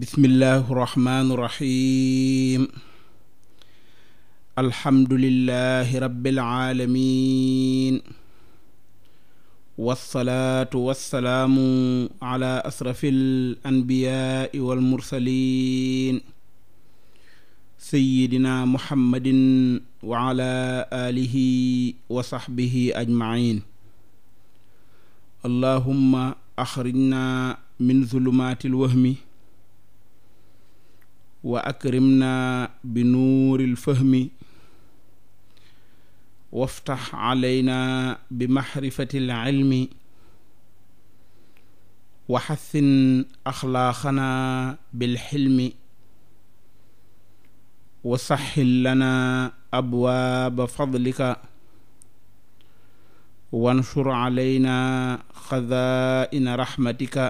bismillahi rahmaani rahiim alhamdulillahi rabbil aalamiin wassalaatu wassalaamu ala asrafil anbiyaai wal mursaliin sayyidina muhammadin wa ala aalihi wa saxbihi ajmaciin allahumma axrijna min zulumaatil wahmi wa akrimna bi nuuril fahmi waftax alayna bi maxrifati lilmi wa xathin axlaaqana bilxilmi wa saxil lana abwaaba fadlika wansur alayna xazaa'ina raxmatika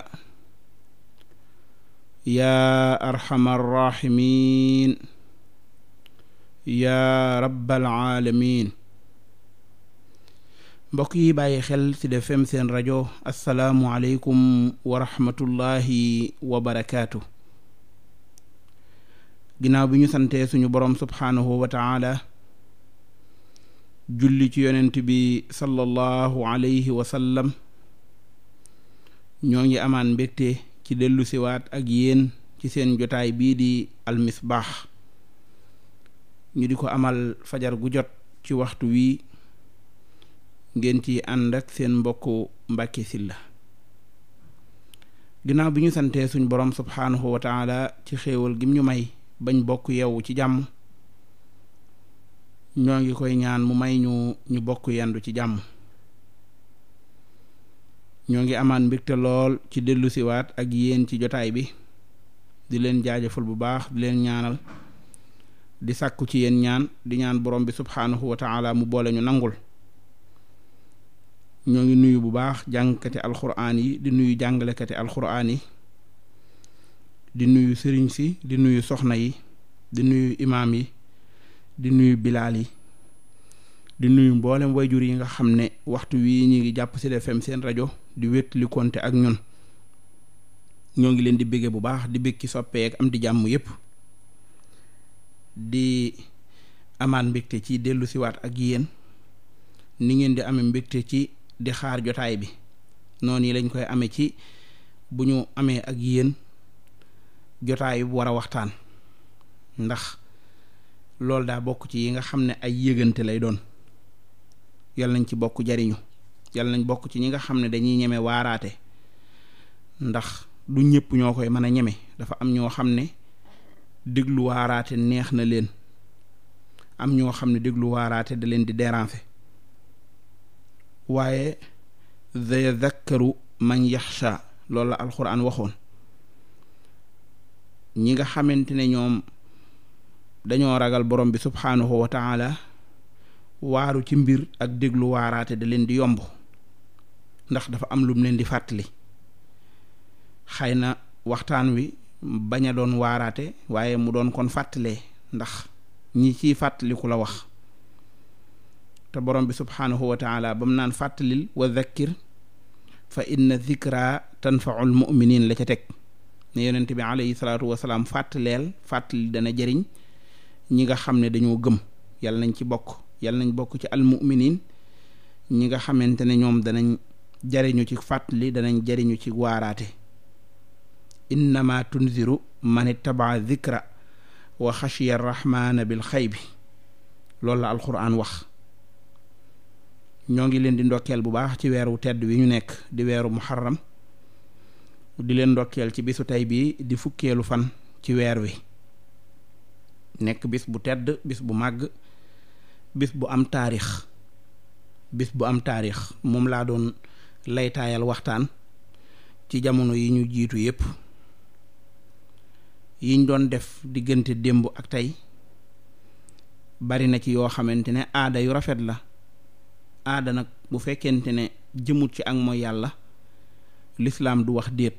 ya arhamar raahimiin yaa rabbal aalamiin mbokk yi bàyyi xel ci Sud seen rajo asalaamu aleykum wa rahmatullahi wa ginnaaw bi ñu santee suñu borom subhaanahu wa julli ci yonent bi sallallahu alayhi wa sallam ñoo ngi amaan mbette ci dellusiwaat ak yéen ci seen jotaay bii di almisbaax ñu di ko amal fajar gu jot ci waxtu wi ngeen ci ànd ak seen mbokk Mbàkke Sylla ginnaaw bi ñu santee suñ borom subhaanahu wa taala ci xéewal gim ñu may bañ bokk yeewu ci jàmm ñoo ngi koy ñaan mu may ñu ñu bokk yendu ci jàmm ñoo ngi amaan mbirte lool ci dellu ak yéen ci jotaay bi di leen jaajëfal bu baax di leen ñaanal di sàkku ci yéen ñaan di ñaan borom bi subhaanahu wa mu boole ñu nangul ñoo ngi nuyu bu baax jàngkati alxuraan yi di nuyu jàngalekati alxuraan yi di nuyu sëriñ si di nuyu soxna yi di nuyu imaam yi di nuyu bilaal yi di nuyu mboolem way jur yi nga xam ne waxtu wii ñu ngi jàpp Sud FM seen rajo di wét ak ñun ñoo ngi leen di béggee bu baax di bég ci soppeek am di jàmm yépp di amaan mbégte ci dellu ak yéen ni ngeen di amee mbégte ci di xaar jotaay bi noonu yi lañ koy amee ci bu ñu amee ak yéen jotaay bu war a waxtaan ndax loolu daa bokk ci yi nga xam ne ay yëgante lay doon yal nañ ci bokk jariñu yal nañ bokk ci ñi nga xam ne dañuy ñeme waaraate ndax du ñëpp ñoo koy mën a ñeme dafa am ñoo xam ne déglu waaraate neex na leen am ñoo xam ne déglu waaraate da leen di déranger waaye the zakkaru man yaxsha loolu la alxuraan waxoon ñi nga xamante ne ñoom dañoo ragal borom bi subhaanahu wa waaru ci mbir ak déglu waaraate da leen di yomb ndax dafa am lum leen di fàttali xëy na waxtaan wi bañ a doon waaraate waaye mu doon kon fàttalee ndax ñi ciy fàttaliku la wax te borom bi subhaanahu wa taala ba mu naan fàttalil wa zakkir fa inna zikra tanfaul muminin la ca teg ne yonent bi alayhi salaatu wasalaam fàttaleel fàttali dana jëriñ ñi nga xam ne dañoo gëm yàlla nañ ci bokk yal nañ bokk ci almuminin ñi nga xamante ne ñoom danañ jariñu ci fàttali danañ jariñu ci waaraate innama tunziru man ittabaa dikra wa xashiya rahmaana bil xaybi loolu la alquran wax ñoo ngi leen di ndokkeel bu baax ci weeru tedd wi ñu nekk di weeru muharram di leen ndokkeel ci bisu tey bii di fukkeelu fan ci weer wi nekk bis bu tedd bis bu màgg bis bu am taarix bis bu am taarix moom laa doon laytaayal waxtaan ci jamono yi ñu jiitu yépp yiñ doon def diggante démb ak tey bari na ci yoo xamante ne aada yu rafet la aada nag bu fekkente ne jëmut ci ak mooy yàlla lislaam du wax déet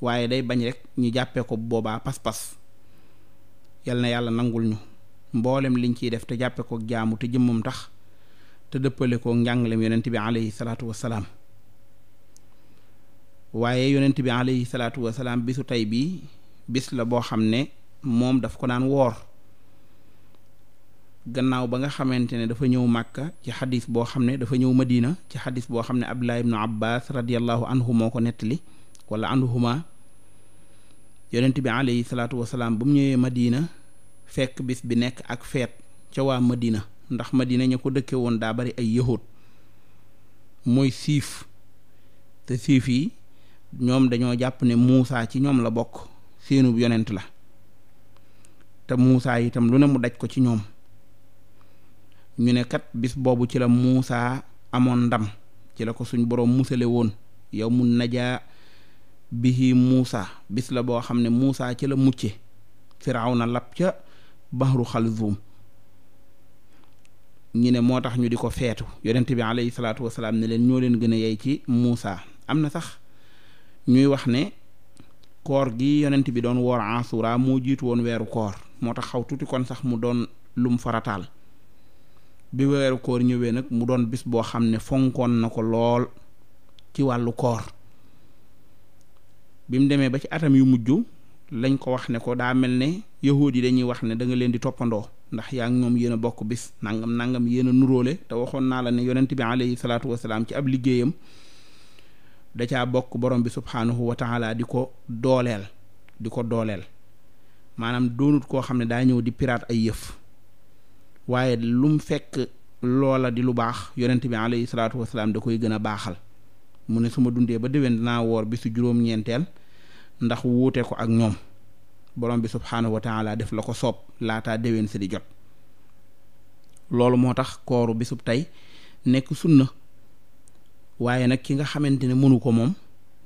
waaye day bañ rekk ñu jàppee ko boobaa pas-pas yal na yàlla nangul ñu mboolem liñ ciy def te jàppe ko jaamu te jëmmam tax te dëppale ko njàngalem yonent bi alayhi salaatu wasalaam waaye yonent bi alayhi salaatu wasalaam bisu tey bii bis la boo xam ne moom daf ko daan woor gannaaw ba nga xamante ne dafa ñëw màkka ci xadis boo xam ne dafa ñëw ma diina ci xadiis boo xam ne abdullah ibnu abbas radiallahu anhu moo ko nettali wala anhuma yonent bi alayhi salaatu wasalaam ba mu ñëwee ma diina fekk bis bi nekk ak feet ca waa Madina ndax Madina ña ko dëkke woon daa bari ay yahut mooy siif te siif yi ñoom dañoo jàpp ne Muusaa ci ñoom la bokk seenub yonent la te Muusaa itam lu ne mu daj ko ci ñoom ñu ne kat bis boobu ci la Muusaa amoon ndam ci la ko suñ boroom musale woon yow mun najaa bihi Muusaa bis la boo xam ne Muusaa ci la mucce Firawna lab ca baxru xalzuum ñu ne moo tax ñu di ko feetu yonent bi alayhi salaatu wasalaam ne leen ñoo leen gën a yey ci Muusa am na sax ñuy wax ne koor gi yonent bi doon woor asura moo jiitu woon weeru koor moo tax xaw tuuti kon sax mu doon lum farataal bi weeru koor ñëwee nag mu doon bis boo xam ne fonkoon na ko lool ci wàllu koor bi mu demee ba ci atam yu mujj lañ ko wax ne ko daa mel ne yahuud yi dañuy wax ne danga leen di toppandoo ndax yaa ngi ñoom yéen a bokk bis nangam nangam yéen a nuróole te waxoon naa la ne yonent bi alayhi salaatu wasalaam ci ab liggéeyam da caa bokk borom bi subhaanahu wa taala di ko dooleel di ko dooleel maanaam doonut koo xam ne daa ñëw di piraat ay yëf waaye lu mu fekk loola di lu baax yonent bi alayhi salaatu wasalaam da koy gën a baaxal mu ne suma dundee ba déwén naa woor bisu juróom-ñeenteel ndax wuute ko ak ñoom borom bi subhaanahu wa taala def la ko soob laata déwén si di jot loolu moo tax kooru bisub tey nekk sunna waaye nag ki nga xamante ne mënu ko moom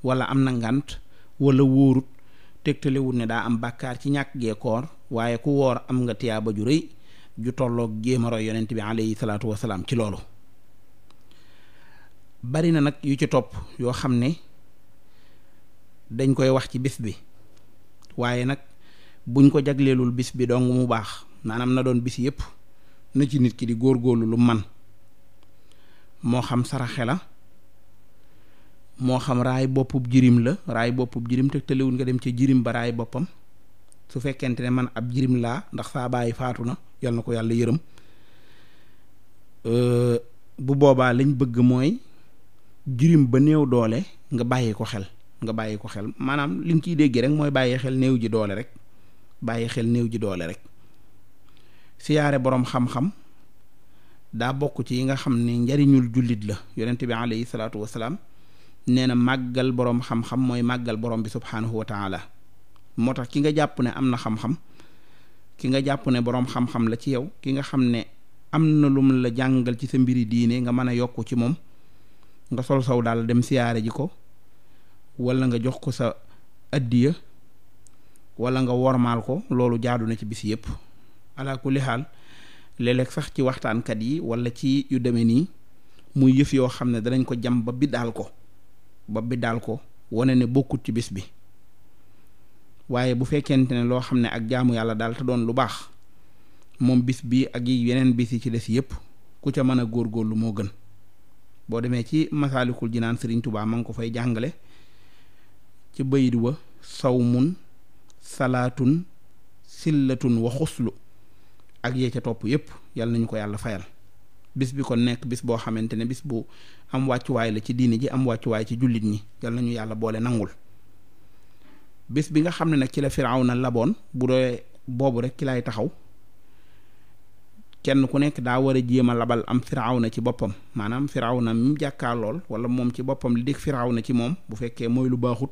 wala am na ngant wala wóorut tegtalewut ne daa am bàkkaar ci ñàkk gee koor waaye ku woor am nga tiyaaba ju rëy ju tolloog jéem a yonent bi alayhi salaatu wasalaam ci loolu bari na nag yu ci topp yoo xam ne dañ koy wax ci bis bi waaye nag buñ ko jagleelul bis bi dong mu baax maanaam na doon bis yépp na ci nit ki di góor góorgóorlu lu man moo xam saraxe la moo xam raay boppub jirim la raay boppub jirim te tëlewul nga dem ci jirim ba raay boppam su fekkente ne man ab jirim laa ndax saa bàyyi faatu na yal na ko yàlla yërëm bu boobaa lañ bëgg mooy jirim ba néew doole nga bàyyi ko xel nga bàyyi ko xel maanaam liñ ciy dégg rek mooy bàyyi xel néew ji doole rek bàyyi xel néew ji doole rek siyaare boroom xam-xam daa bokk ci yi nga xam ne njariñul jullit la yonent bi alayhi salaatu wasalaam nee na màggal boroom xam-xam mooy màggal borom bi subhaanahu wa taala moo tax ki nga jàpp ne am na xam-xam ki nga jàpp ne boroom xam-xam la ci yow ki nga xam ne am na lu lum la jàngal ci sa mbiri diine nga mën a yokk ci moom nga sol saw daal dem siyaare ji ko wala nga jox ko sa addiya wala nga wormaal ko loolu jaadu na ci bis yépp ala kulli xaal sax ci waxtaankat yi walla ci yu demee nii muy yëf yoo xam ne danañ ko jam ba biddaal ko ba biddaal ko wane ne bokkut ci bis bi waaye bu fekkente ne loo xam ne ak jaamu yàlla daal te doon lu baax moom bis bi ak yi yeneen bis yi ci des yépp ku ca mën a lu moo gën boo demee ci masaalikul jinaan sëriñ tubaa ma ngi ko fay jàngale ci bayit wa saw mun salaatun sillatun wa xuslu ak yee ca topp yépp yal nañu ko yàlla fayal bis bi kon nekk bis boo xamante ne bis bu am wàccuwaay la ci diine ji am wàccuwaay ci jullit ñi yal nañu yàlla boole nangul bis bi nga xam ne nag ci la na laboon bu dee boobu rek ki lay taxaw kenn ku nekk daa war a jéem a labal am na ci boppam maanaam Firawna mi jàkkaar lool wala moom ci boppam li dikk na ci moom bu fekkee mooy lu baaxut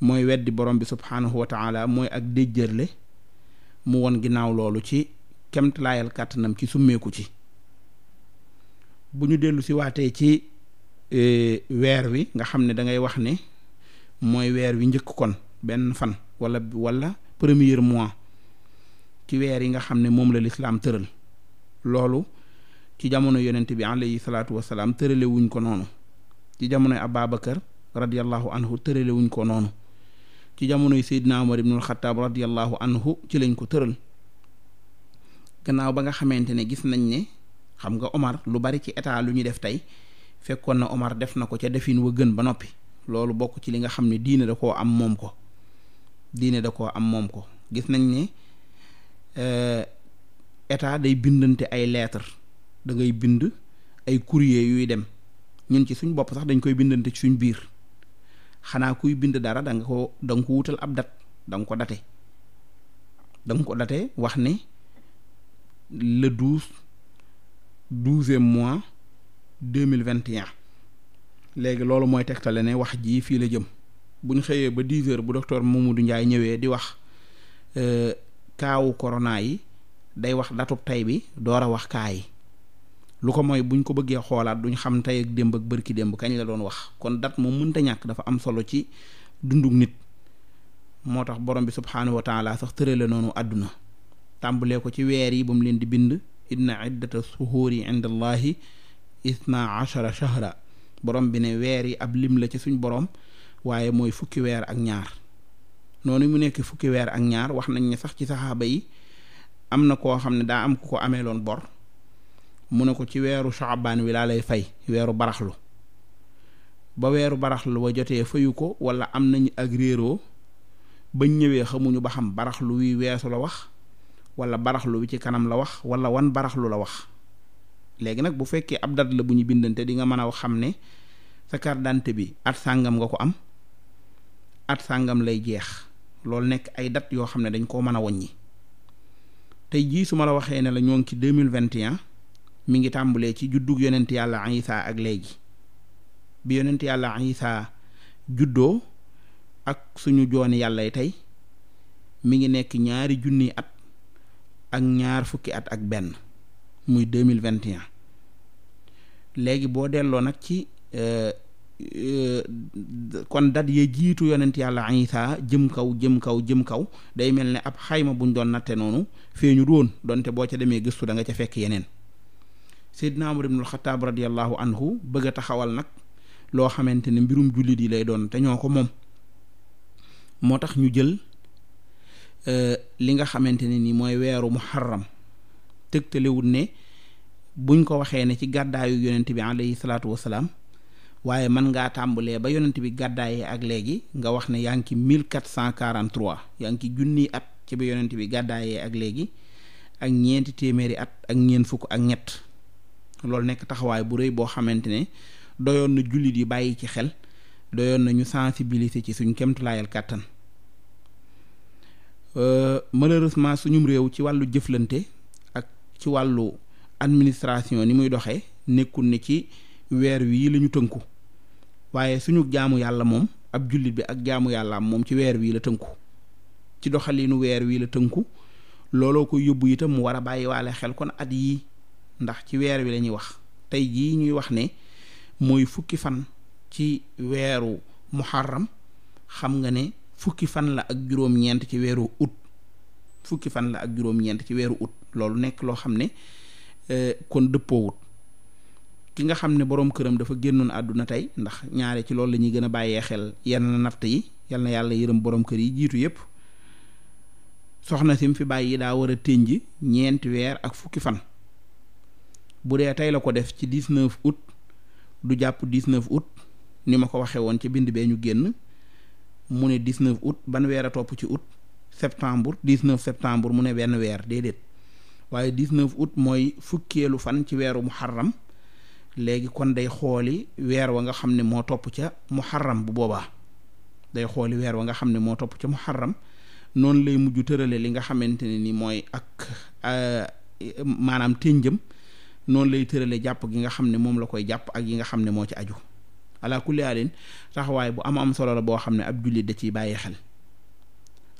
mooy weddi borom bi subhaanahu wa taala mooy ak déjjërle mu won ginnaaw loolu ci kemtlaayal kàttanam ci summeeku ci bu ñu dellu si waatee ci e, weer wi nga xam ne dangay wax ne mooy weer wi njëkk kon benn fan wala wala premier mois ci weer yi nga xam ne moom la lislaam tëral loolu ci jamono yonent bi alayhi salaatu wasalaam tërale wuñ ko noonu ci jamono Ababakar radiyallahu anhu tërale wuñ ko noonu ci jamonoy Seydina Omar ibnul Xattaab radiyallahu anhu ci lañ ko tëral gannaaw ba nga xamante ne gis nañ ne xam nga Omar lu bari ci état lu ñu def tey fekkoon na Omar def na ko ca defin wa gën ba noppi loolu bokk ci li nga xam ne diine da koo am moom ko diine da koo am moom ko gis nañ ne euh, état day bindante ay lettre da ngay bind ay courrier yuy dem ñun ci suñ bopp sax dañ koy bindante ci suñ biir xanaa kuy bind dara da nga ko da nga ko wutal ab dat da nga ko date da nga ko date wax ni le douze douzième mois deux mille vingt et léegi loolu mooy tegtale ne wax jii fii la jëm bu ñu xëyee ba dix heures bu docteur du njaay ñëwee di wax euh, kaawu corona yi day wax datub tey bi door a wax kaa yi lu ko mooy buñ ko bëggee xoolaat duñ xam tey ak démb ak bërki démb kañ la doon wax kon dat moom mënta ñàkk dafa am solo ci dunduk nit moo tax borom bi subhaanahu wa taala sax tërale noonu àdduna tàmbalee ko ci weer yi ba mu leen di bind inna iddata suhuuri inda allahi isna achara shahra borom bi ne weer yi ab lim la ci suñ borom waaye mooy fukki weer ak ñaar noonu mu nekk fukki weer ak ñaar wax nañ ne sax ci saxaaba yi am na koo xam ne daa am ku ko amee loon bor mu ne ko ci weeru Shaaban wi laa lay fay weeru baraxlu ba weeru baraxlu wa jotee fayu ko wala am nañu ak réeroo bañ ñëwee xamuñu ba xam baraxlu wi weesu la wax wala baraxlu wi ci kanam la wax wala wan baraxlu la wax léegi nag bu fekkee ab dat la bu ñu bindante di nga mën a xam ne sa carte bi at sàngam nga ko am at sàngam lay jeex loolu nekk ay dat yoo xam ne dañ koo mën a woññi tey jii su ma la waxee ne la ñoo ngi ci deux mille vingt et mi ngi tàmbulee ci juddug yonent yàlla Isa ak léegi bi yonent yàlla Isa juddoo ak suñu jooni yàllay tey mi ngi nekk ñaari junni at ak ñaar fukki at ak benn muy deux mille vingt et léegi boo delloo nag ci euh, euh, kon dat ya jiitu yonent yàlla Isa jëm kaw jëm kaw jëm kaw day mel ne ab xayma ñu doon natte noonu feeñu doon donte boo ca demee gëstu da nga ca fekk yeneen Seydina Umar ibnul Xataab radiyallahu anhu bëgg a taxawal nag loo xamante ne mbirum jullit yi lay doon te ko moom moo tax ñu jël euh, li nga xamante ne ni mooy weeru muharram tëgtalewul ne buñ ko waxee ne ci gàddaayu yonent bi alayhi salaatu wasalaam waaye mën ngaa tàmbalee ba yonent bi gàddaayee ak léegi nga wax ne yaa ngi ci 1443 yaa ngi ci junniy at ci ba yonent bi gàddaayee ak léegi ak ñeenti téeméeri at ak ñeent fukk ak ñett loolu nekk taxawaay bu rëy boo xamante ne doyoon na jullit yi bàyyi ci xel doyoon na ñu sensibiliser ci suñ kemtulaayal kàttan euh, malheureusement suñum réew ci wàllu jëflante ak ci wàllu administration ni muy doxee nekkul ne ci weer wii la ñu tënku waaye suñu jaamu yàlla moom ab jullit bi ak jaamu am moom ci weer wii la tënku ci doxaliinu weer wii la tënku looloo ko yóbbu itam mu war a bàyyiwaale xel kon at yii ndax ci weer wi lañuy wax tey jii ñuy wax ne mooy fukki fan ci weeru muharram xam nga ne fukki fan la ak juróom-ñeent ci weeru ut fukki fan la ak juróom ci weeru ut loolu nekk loo xam ne euh, kon dëppoowut ki nga xam ne boroom këram dafa génnoon àdduna tey ndax ñaare ci loolu lañuy ñuy gën a bàyyee xel yenn na natt yi yal na yàlla yërëm boroom kër yi jiitu yépp soxna sim fi bàyyi daa war a tënji ñeenti weer ak fukki fan bu dee tey la ko def ci 19 août du jàpp 19 août ni ma ko waxee woon ci bind bee ñu génn mu ne 19 août ban weer a topp ci août septembre 19 septembre mu ne benn weer déedéet waaye 19 août mooy fukkeelu fan ci weeru muharram léegi kon day xooli weer wa nga xam ne moo topp ca muharram bu boobaa day xooli weer wa nga xam ne moo topp ca muharram noonu lay mujj tërale li nga xamante ne ni mooy ak euh, maanaam ténjëm noonu lay tërale jàpp gi nga xam ne moom la koy jàpp ak yi nga xam ne moo ci aju ala kulli haalin taxawaay bu am am solo la boo xam ne ab jullit da ciy bàyyi xel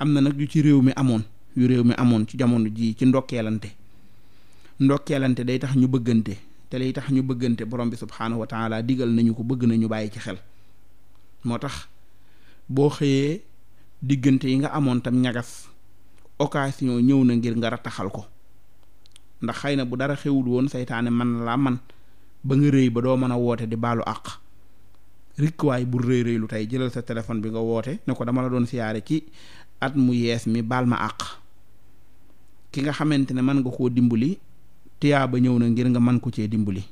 am na nag yu ci réew mi amoon yu réew mi amoon ci jamono jii ci ndokkeelante ndokkeelante day tax ñu bëggante te lay tax ñu bëggante borom bi subhaanahu wa taala digal nañu ko bëgg nañu bàyyi ci xel moo tax boo xëyee diggante yi nga amoon tam ñagas occasion ñëw na ngir nga rattaxal ko ndax xëy na bu dara xewul woon seytaane man laa man ba nga rëy ba doo mën a woote di baalu àq rikkuwaay bu rëy rëy lu tey jëlal sa téléphone bi nga woote ne ko dama la doon siyaare ci at mu yees mi baal ma àq ki nga xamante ne mën nga koo dimbali tiyaa ba ñëw na ngir nga mën ko cee dimbali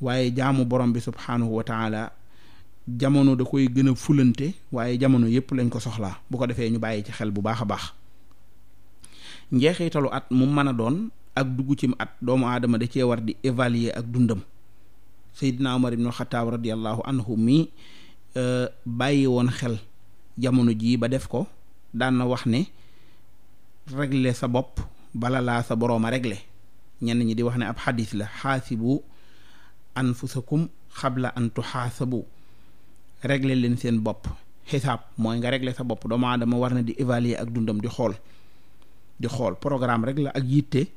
waaye jaamu borom bi subhaanahu wa taala jamono da koy gën a fulante waaye jamono yépp lañ ko soxlaa bu ko defee ñu bàyyi ci xel bu baax a baax njeexitalu at mën a doon ak dugg cim at doomu aadama da cee war di évaluer ak dundam Seydina Omar ibnu Xataab radiallahu anhu mi euh, bàyyi woon xel jamono jii ba def ko daan na wax ne régler sa bopp bala laa sa borooma regle ñenn ñi di wax ne ab xadis la xaasibu anfusakum xabla an tuxaasabu regle leen seen bopp xisaab mooy nga régler sa bopp doomu aadama war na di évaluer ak dundam di xool di xool programme rek la ak yitte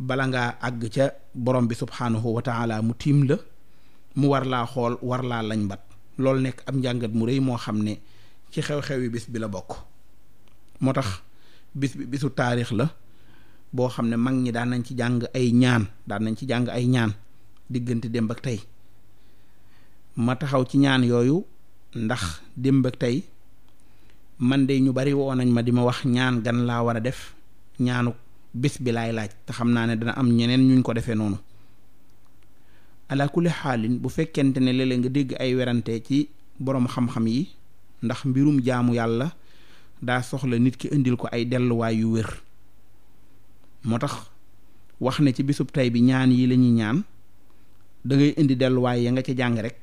bala ngaa àgg ca borom bi subhaanahu wa mu tiim la mu war laa xool war laa lañ bat loolu nekk ab njàngat mu rëy moo xam ne ci xew-xew yi bis bi la bokk moo tax bis bi bisu taarix la boo xam ne mag ñi daan nañ ci jàng ay ñaan daan nañ ci jàng ay ñaan diggante démb ak tey ma taxaw ci ñaan yooyu ndax démb ak tey man de ñu bari woo nañ ma di ma wax ñaan gan laa war a def ñaanu bés bi laay laaj te xam naa ne dana am ñeneen ñuñ ko defee noonu ala kulli xaalin bu fekkente ne léeg nga dégg ay werante ci boroom xam-xam yi ndax mbirum jaamu yàlla daa soxla nit ki indil ko ay delluwaay yu wér moo tax wax ne ci bisub tey bi ñaan yi la ñuy ñaan dangay indi delluwaay ya nga ca jàng rek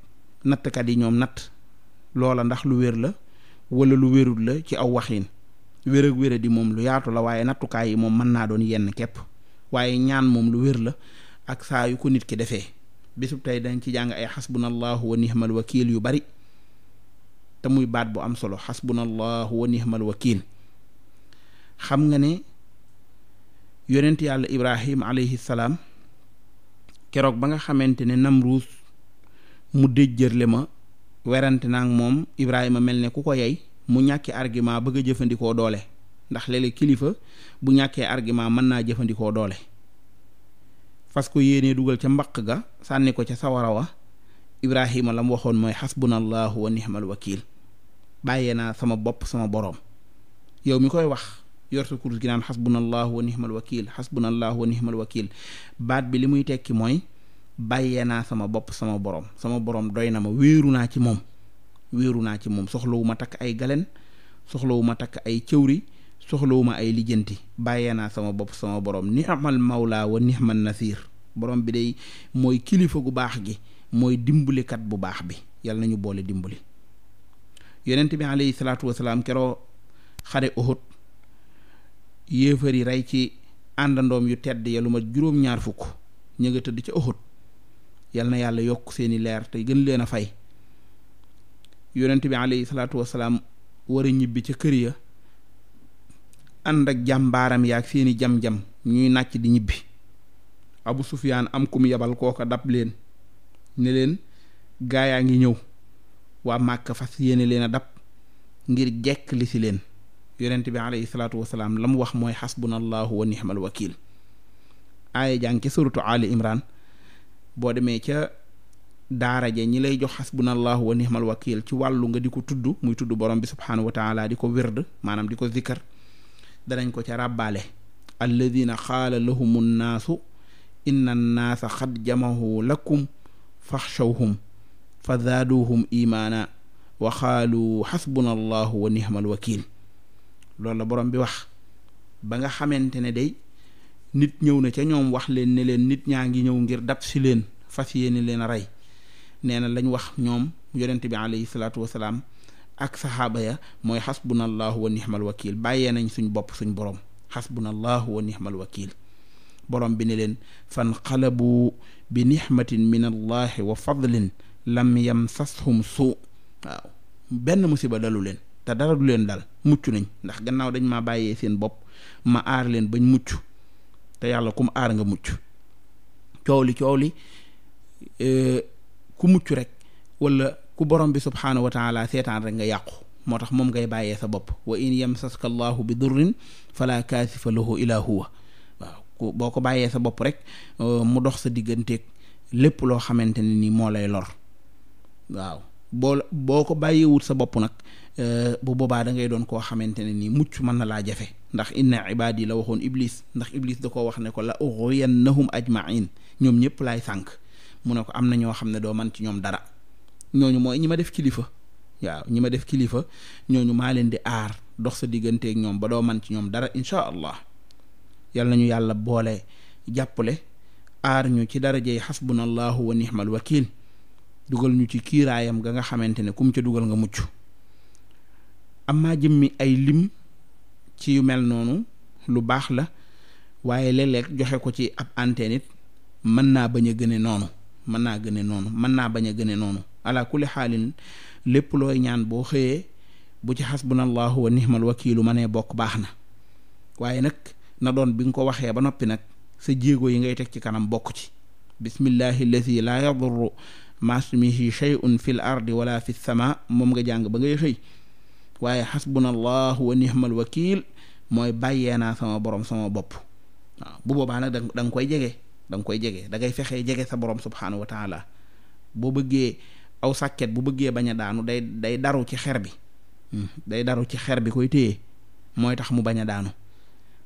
nattkat yi ñoom natt loola ndax lu wér la wala lu wérul la ci aw waxin wér ak wéra moom lu yaatu la waaye nattukaay yi moom mën naa doon yenn képp waaye ñaan moom lu wér la ak saa yu ko nit ki defee bisub tey dañ ci jàng ay xasbunallahu wa nihmal wakiil yu bari te muy baat bu am solo xasbunallahu wa nihmal wakiil xam nga ne yonent yàlla ibrahim alayhi salaam keroog ba nga xamante ne nam Namruus mu déjjërle ma werante naa moom ibrahima mel ne ku ko yey mu ñàkki argument bëgg a jëfandikoo doole ndax léeg kilifa bu ñàkkee argument mën naa jëfandikoo doole fas ko yéenee dugal ca mbaq ga sànni ko ca sawara wa Ibrahima la mu waxoon mooy xasbunallahu wa nihmal bàyyee naa sama bopp sama boroom yow mi koy wax yor sa kurus gi naan xasbunallahu wa nihmal wakiil xasbunallahu wa nihmal baat bi li muy tekki mooy bàyyee naa sama bopp sama boroom sama boroom doy na ma wéeru naa ci moom wéeru naa ci moom soxlawu ma takk ay galen soxlawu ma takk ay cëwri soxlawu ma ay lijjanti bàyyee naa sama bopp sama boroom ni amal mawla wa nihman nasir borom bi day mooy kilifa gu baax gi mooy dimbalikat bu baax bi yàlla nañu boole dimbali yonent bi alayhi salaatu wasalaam keroo xare Uhud yéefar yi rey ci àndandoom yu tedd ya ma juróom-ñaar fukk ñu tëdd ca Uhud yal na yàlla yokk seeni leer te gën leen a fay yonent bi alayhi salaatu wasalaam war ñibbi ca kër ya ànd ak jàmbaaram ak seeni jam-jam ñuy nàcc di ñibbi abu sufiyaan am kum yabal kooka dab leen ne leen yaa ngi ñëw waa màkk fas yéene leen a dab ngir jekk li si leen yonent bi alayhi salaatu wasalaam la mu wax mooy xasbunallahu wa nihmal wakiil aaya jàng ca suratu ali imran boo demee ca daara ja ñi lay jox xasbunallahu wa nihmal wakil ci wàllu nga di ko tudd muy tudd borom bi subhaanahu wa taala di ko wérd maanaam di ko zikkar danañ ko ca ràbbaale alladina qaala lahumu nnaasu inna annaasa xad jamahu lakum faxshawhum fa zaaduhum imaana wa qaalu xasbunallahu wa nihmal wakil loolu la borom bi wax ba nga xamante ne day nit ñëw na ca ñoom wax leen ne leen nit ñaa ngi ñëw ngir dab si leen fas yéene leen a rey nee na lañ wax ñoom yonent bi alayhi salaatu wasalaam ak saxaaba ya mooy xasbunallahu wa nixmal wakiil bàyyee nañ suñ bopp suñ borom xasbunallahu wa nixmal wakiil boroom bi ni leen fanqalabu bi nixmatin min allahi wa fadlin lam yamsashum suu waaw benn musiba dalu leen te dara du leen dal mucc nañ ndax gannaaw dañ maa bàyyee seen bopp ma aar leen bañ mucc te yàlla kum aar nga mucc coow li coow li eh, ku mucc rek wala ku borom bi subhaanahu wa taala seetaan rek nga yàqu moo tax moom ngay bàyyee sa bopp wa in yamsaska allahu bi durrin fala kaasifa lahu ila huwa waaw ku boo ko bàyyee sa bopp rek euh, mu dox sa digganteeg lépp loo xamante ne ni moo lay lor waaw boo boo ko bàyyiwut sa bopp nag euh, bu boobaa da ngay doon koo xamante ne ni mucc mën na laa jafe ndax in inna ibaadi la waxoon iblis ndax iblis da ko wax ne ko la ughwiyannahum ajmain ñoom ñëpp laay sànk mu ne ko am na ñoo xam ne doo man ci ñoom dara ñooñu mooy ñi ma def kilifa waaw ñi ma def kilifa ñooñu maa leen di aar dox sa digganteeg ñoom ba doo man ci ñoom dara incha allah yal nañu yàlla boole jàppale aar ñu ci darajey xasbunallahu wa nihmal wakiil dugal ñu ci kiiraayam ga nga xamante ne kum ca dugal nga mucc am amaa jëmmi ay lim ci yu mel noonu lu baax la waaye léeg-léeg joxe ko ci ab antenne it mën naa bañ a gëne noonu mën naa gëne noonu mën naa bañ a gëne noonu ala kulli xaalin lépp looy ñaan boo xëyee bu ci xasbunallahu wa nihmal wakiilu ma nee bokk baax na waaye nag na doon bi nga ko waxee ba noppi nag sa jéego yi ngay teg ci kanam bokk ci bismillahi alladi laa yadurru masmihi shay'un fil ardi wala fi sama moom nga jàng ba ngay xëy waaye xasbunallahu wa nihmal wakiil mooy bàyyee naa sama borom sama bopp waaw bu boobaa nag da nga koy jege danga koy jege da ngay fexee jege sa borom subhaanahu wa taala boo bëggee aw sàkket bu bëggee bañ a daanu day day daru ci xer bi hmm, day daru ci xer bi koy téye mooy tax mu bañ a daanu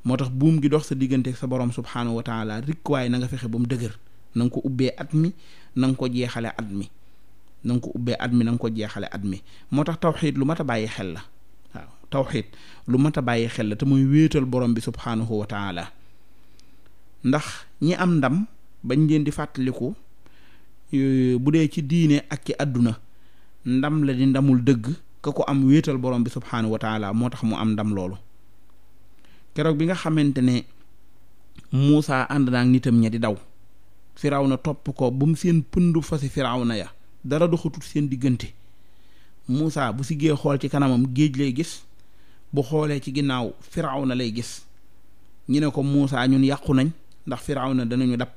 moo tax buum gi dox sa diggante sa borom subhaanahu wa taala rikk waaye na nga fexe ba mu dëgër nanga ko ubbee at mi na nga ko jeexale at mi na ko ubbee at mi na nga ko jeexale at mi moo tax tawxiid lu mat a bàyyi xel la waaw lu mat a bàyyi xel la te muy wéetal borom bi subhaanahu wa taala ndax ñi am ndam bañ leen di fàttaliku euh, bu dee ci diine ak ci àdduna ndam la di ndamul dëgg ka ko am wéetal borom bi subhaanahu wa moo tax mu am ndam loolu keroog bi nga xamante ne Muusa ànd naag nitam ña di daw firaw na topp ko ba mu seen pëndu fasi firaw na ya dara doxatul seen diggante Muusa bu siggee xool ci kanamam géej lay gis bu xoolee ci ginnaaw firaw na lay gis ñu ne ko Muusa ñun yàqu nañ ndax na firawna danañu dab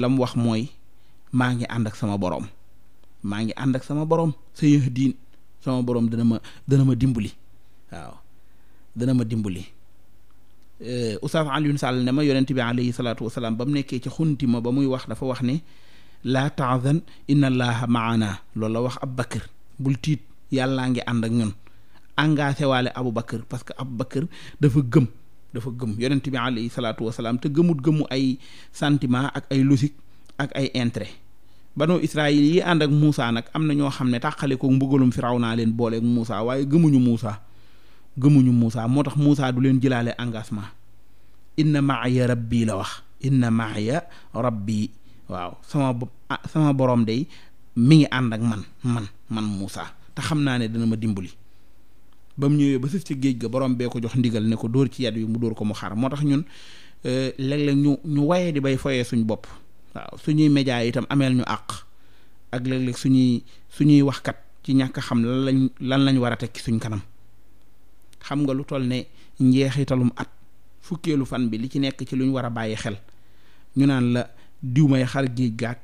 lam wax mooy maa ngi ànd ak sama boroom maa ngi ànd ak sama boroom sa yëx diin sama boroom dana ma dana ma dimbali waaw dana ma dimbali eh, Oustaz Alioune Sall ne ma yonent bi alayhi salaatu wasalaam ba mu nekkee ci xunti ma ba muy wax dafa wax ne laa tahzan inna allaha maana loolu la wax ab bakar bul tiit yàllaa ngi ànd ak ñun engagé abu Aboubacar parce que Aboubacar dafa gëm dafa gëm yonent bi alayhi salaatu wasalaam te gëmut gëmu ay santiment ak ay logique ak ay intérêt banu Israayil yi ànd ak Moussa nag am na ñoo xam ne tàqale ko mbugalum firaw naa leen booleeg Moussa waaye gëmuñu Moussa gëmuñu Moussa moo tax Moussa du leen jëlaale engagement inna maaya rabbi la wax inna maaya rabbi waaw sama ah, sama borom day mi ngi ànd ak man man man Moussa te xam naa ne dina ma dimbali ba mu ñëwee ba sëf ci géej ga borom bee ko jox ndigal ne ko dóor ci yat wi mu dóor ko mu xar moo tax ñun euh, léeg-léeg ñu ñu waye di bay foyee suñ bopp waaw suñuy média itam ameel ñu àq ak léeg-léeg suñuy suñuy waxkat ci ñàkk xam lan lañ lan lañ war a teg suñ kanam xam nga lu toll ne njeexitalum at fukkeelu fan bi li ci nekk ci lu ñu war a bàyyi xel ñu naan la diw may xar géej gaag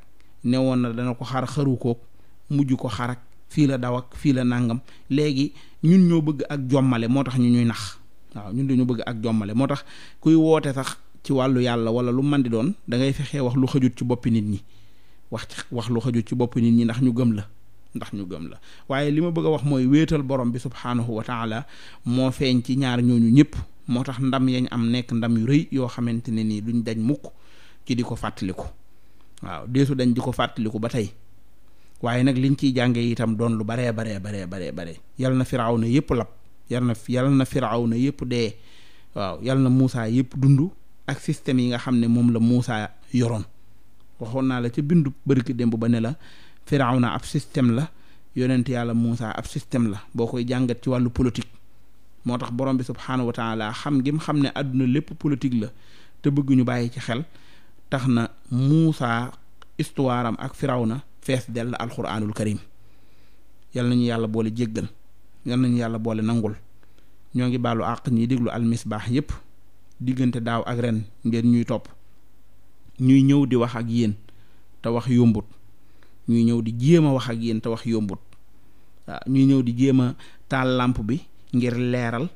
ne woon na dana ko xar xaru koog mujj ko xarak fii la daw ak fii la nàngam léegi ñun ñoo bëgg ak jommale moo tax ñu ñuy nax waaw ñun dañoo bëgg ak jommale moo tax kuy woote sax ci wàllu yàlla wala lu man di doon dangay fexe wax lu xajut ci boppi nit ñi wax wax lu xajut ci boppi nit ñi ndax ñu gëm la ndax ñu gëm la waaye li ma bëgg a wax mooy wéetal borom bi subhaanahu wa taala moo feeñ ci ñaar ñooñu ñëpp moo tax ndam yañ am nekk ndam yu rëy yoo xamante ne nii duñ dañ mukk ci di ko fàttaliku waaw deesu dañ di ko fàttaliku ba tey waaye nag liñ ciy jànge itam doon lu baree baree baree baree bare yal na na yëpp lab yal na yal na firawna yëpp dee waaw yal na Muusa yëpp dund ak système yi nga xam ne moom la Muusa yoroon waxoon naa la ca bindu bërki démb ba ne la firawna ab système la yonent yàlla Muusa ab système la boo koy jàngat ci wàllu politique moo tax borom bi subhaanahu wa taala xam ngim xam ne àdduna lépp politique la te bëgguñu bàyyi ci xel tax na Muusa histoire ak ak na fees dell alxuraanul karim yal nañu yàlla boole jéggal yal nañu yàlla boole nangul ñoo ngi baalu àq ñiy déglu almisbaax yépp diggante daaw ak ren ngeen ñuy topp ñuy ñëw di wax ak yéen te wax yombut ñuy ñëw di jéem a wax ak yéen te wax yombut ñuy ñëw di jéem a taal làmp bi ngir leeral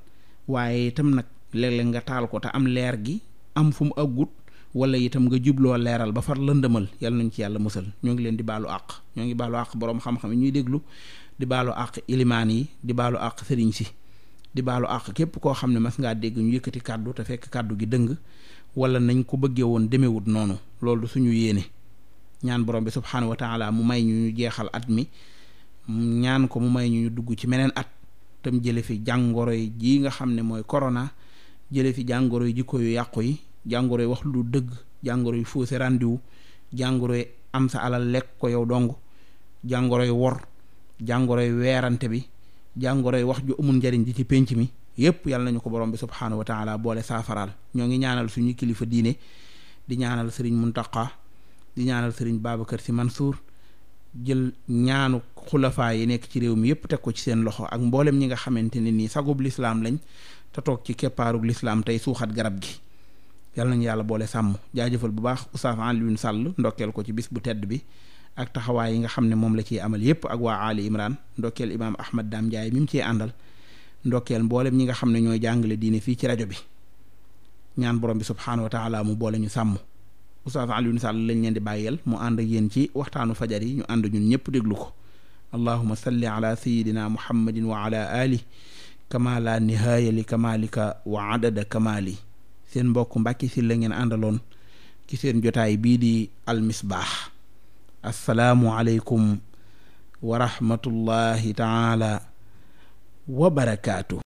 waaye itam nag léeg-léeg nga taal ko te am leer gi am fu ëggut wala itam nga jubloo leeral ba far lëndëmal yàlla nañ ci yàlla musal ñoo ngi leen di baalu àq ñoo ngi baalu àq boroom xam-xam yi ñuy déglu di baalu àq ilimaan yi di baalu àq sëriñ si di baalu àq képp koo xam ne mas ngaa dégg ñu yëkkati kàddu te fekk kàddu gi dëng wala nañ ko bëggee woon demewut noonu loolu suñu yéene ñaan borom bi subxanahu wa mu may ñu ñu jeexal at mi ñaan ko mu may ñu ñu dugg ci meneen at tam jële fi jàngoro yi jii nga xam ne mooy corona jële fi jàngoro yi jikko yu yàqu yi jàngoro wax lu dëgg jàngoro yu fausse rendez-vous jàngoro am sa alal lekk ko yow dong jàngoro wor jàngoro weerante bi jàngoro wax ju amul njariñ di ci pénc mi yépp yàlla nañu ko borom bi subhaanahu wa taala boole saafaraal ñoo ngi ñaanal suñu kilifa diine di ñaanal sëriñ Muntaqa di ñaanal sëriñ Babacar Si Mansour jël ñaanu xulafaa yi nekk ci réew mi yépp teg ko ci seen loxo ak mboolem ñi nga xamante ne nii sagub lislaam lañ te toog ci keppaarug lislaam tey suuxat garab gi yal nañu yàlla boole sàmm jaajëfal bu baax Oustaz Alioune Sall ndokkeel ko ci bis bu tedd bi ak taxawaay yi nga xam ne moom la ciy amal yépp ak waa Ali Imran ndokkeel imaam Ahmad Dame Ndiaye mi mu ciy àndal ndokkeel mboolem ñi nga xam ne ñooy jàngale diine fii ci rajo bi ñaan borom bi subhaanahu wa mu boole ñu sàmm Oustaz Alioune Sall lañ leen di bàyyeel mu ànd ak ci waxtaanu fajar yi ñu ànd ñun ñëpp déglu ko allahuma salli ala sayidina seen mbokk Mbàkke Sylla ngeen àndaloon ci seen jotaay bii di almisbaax assalaamu aleykum wa rahmatullahi taala wa barakaatu